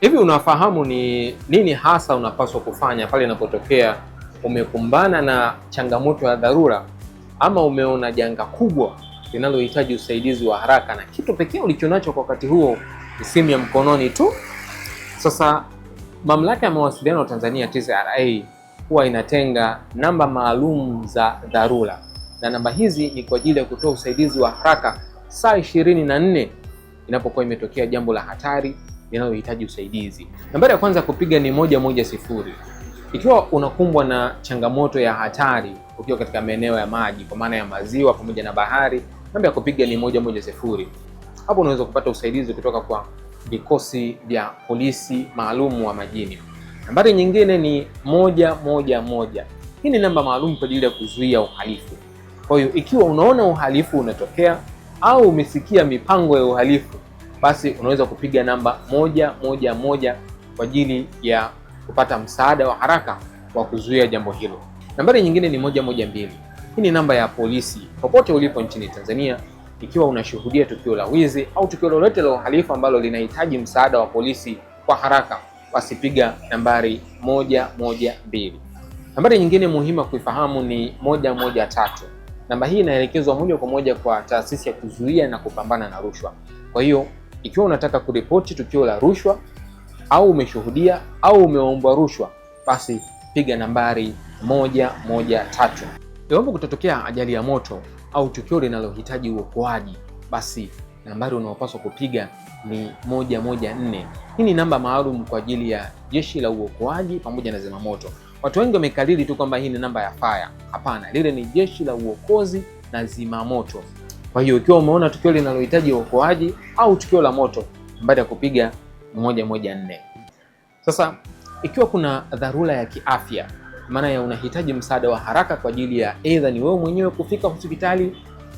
Hivi unafahamu ni nini hasa unapaswa kufanya pale inapotokea umekumbana na changamoto ya dharura ama umeona janga kubwa linalohitaji usaidizi wa haraka na kitu pekee ulichonacho kwa wakati huo ni simu ya mkononi tu? Sasa Mamlaka ya Mawasiliano Tanzania TCRA huwa inatenga namba maalum za dharura, na namba hizi ni kwa ajili ya kutoa usaidizi wa haraka saa 24 inapokuwa imetokea jambo la hatari linalohitaji usaidizi. Nambari ya kwanza kupiga ni moja moja sifuri. Ikiwa unakumbwa na changamoto ya hatari ukiwa katika maeneo ya maji kwa maana ya maziwa pamoja na bahari, namba ya kupiga ni moja moja sifuri. Hapo unaweza kupata usaidizi kutoka kwa vikosi vya polisi maalum wa majini. Nambari nyingine ni moja moja moja. Hii ni namba maalum kwa ajili ya kuzuia uhalifu. Kwa hiyo ikiwa unaona uhalifu unatokea au umesikia mipango ya uhalifu basi unaweza kupiga namba moja moja moja kwa ajili ya kupata msaada wa haraka wa kuzuia jambo hilo. Nambari nyingine ni moja moja mbili. Hii ni namba ya polisi popote ulipo nchini Tanzania. Ikiwa unashuhudia tukio la wizi au tukio lolote la uhalifu ambalo linahitaji msaada wa polisi kwa haraka, basi piga nambari moja moja mbili. Nambari nyingine muhimu kuifahamu ni moja moja tatu. Namba hii inaelekezwa moja kwa moja kwa taasisi ya kuzuia na kupambana na rushwa. Kwa hiyo ikiwa unataka kuripoti tukio la rushwa au umeshuhudia au umeombwa rushwa, basi piga nambari moja moja tatu. Iwapo kutatokea ajali ya moto au tukio linalohitaji uokoaji, basi nambari unaopaswa kupiga ni moja moja nne. Hii ni namba maalum kwa ajili ya jeshi la uokoaji pamoja na zimamoto. Watu wengi wamekariri tu kwamba hii ni namba ya faya. Hapana, lile ni jeshi la uokozi na zimamoto. Kwa hiyo ukiwa umeona tukio linalohitaji uokoaji au tukio la moto, baada ya kupiga moja moja nne. Sasa ikiwa kuna dharura ya kiafya, maana ya unahitaji msaada wa haraka kwa ajili ya aidha ni wewe mwenyewe kufika hospitali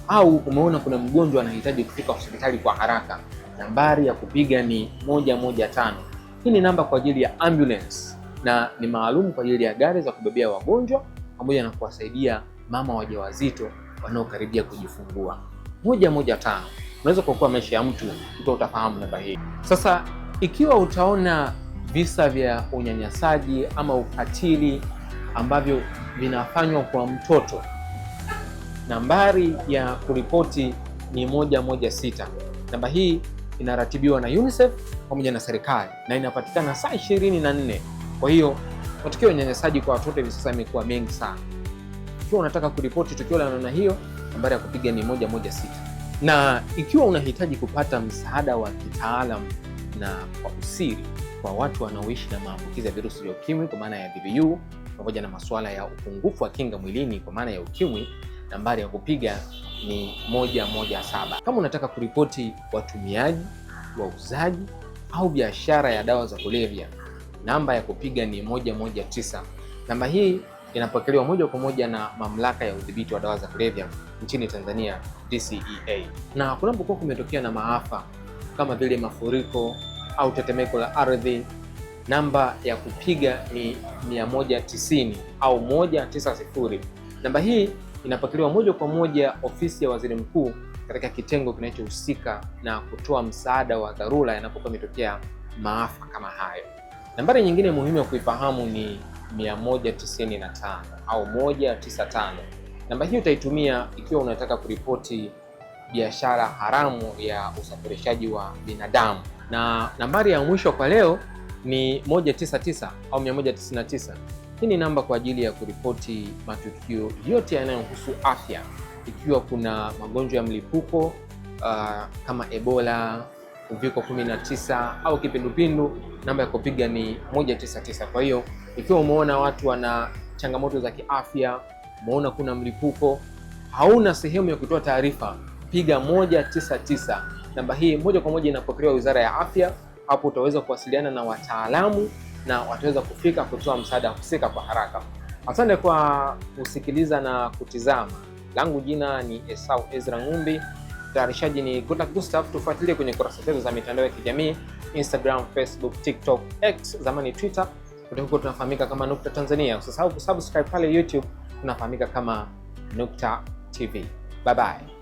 au umeona kuna mgonjwa anahitaji kufika hospitali kwa haraka, nambari ya kupiga ni moja moja tano. Hii ni namba kwa ajili ya ambulance na ni maalum kwa ajili ya gari za kubebea wagonjwa pamoja na kuwasaidia mama wajawazito wanaokaribia kujifungua moja moja tano unaweza kuokoa maisha ya mtu ikiwa utafahamu namba hii. Sasa ikiwa utaona visa vya unyanyasaji ama ukatili ambavyo vinafanywa kwa mtoto, nambari ya kuripoti ni moja moja sita. Namba hii inaratibiwa na UNICEF pamoja na serikali na inapatikana saa ishirini na nne. Kwa hiyo matukio ya unyanyasaji kwa watoto hivi sasa imekuwa mengi sana. Ikiwa unataka kuripoti tukio la namna hiyo nambari ya kupiga ni moja moja sita. Na ikiwa unahitaji kupata msaada wa kitaalam na kwa usiri kwa watu wanaoishi na maambukizi ya virusi vya ukimwi kwa maana ya VVU pamoja na masuala ya upungufu wa kinga mwilini kwa maana ya ukimwi, nambari ya kupiga ni moja moja saba. Kama unataka kuripoti watumiaji, wauzaji au biashara ya dawa za kulevya, namba ya kupiga ni moja moja tisa. Namba hii inapokelewa moja kwa moja na mamlaka ya udhibiti wa dawa za kulevya nchini Tanzania DCEA, na kunapokuwa kumetokea na maafa kama vile mafuriko au tetemeko la ardhi, namba ya kupiga ni 190 au 190. Namba hii inapokelewa moja kwa moja ofisi ya waziri mkuu katika kitengo kinachohusika na kutoa msaada wa dharura yanapokuwa imetokea maafa kama hayo. Nambari nyingine muhimu ya kuifahamu ni 195 au 195. Namba hii utaitumia ikiwa unataka kuripoti biashara haramu ya usafirishaji wa binadamu. Na nambari ya mwisho kwa leo ni 199 au 199. Hii ni namba kwa ajili ya kuripoti matukio yote yanayohusu afya, ikiwa kuna magonjwa ya mlipuko uh, kama Ebola uviko 19 au kipindupindu, namba ya kupiga ni 199. Kwa hiyo ikiwa umeona watu wana changamoto za kiafya, umeona kuna mlipuko, hauna sehemu ya kutoa taarifa, piga 199. Namba hii moja kwa moja inapokelewa Wizara ya Afya. Hapo utaweza kuwasiliana na wataalamu na wataweza kufika kutoa msaada husika kwa haraka. Asante kwa kusikiliza na kutizama. Langu jina ni Esau Ezra Ng'umbi. Mtayarishaji ni Gunnar Gustav. Tufuatilie kwenye kurasa zetu za mitandao ya kijamii Instagram, Facebook, TikTok, X zamani Twitter. Kote huko tunafahamika kama Nukta Tanzania. Usisahau kusubscribe pale YouTube tunafahamika kama Nukta TV. Bye bye.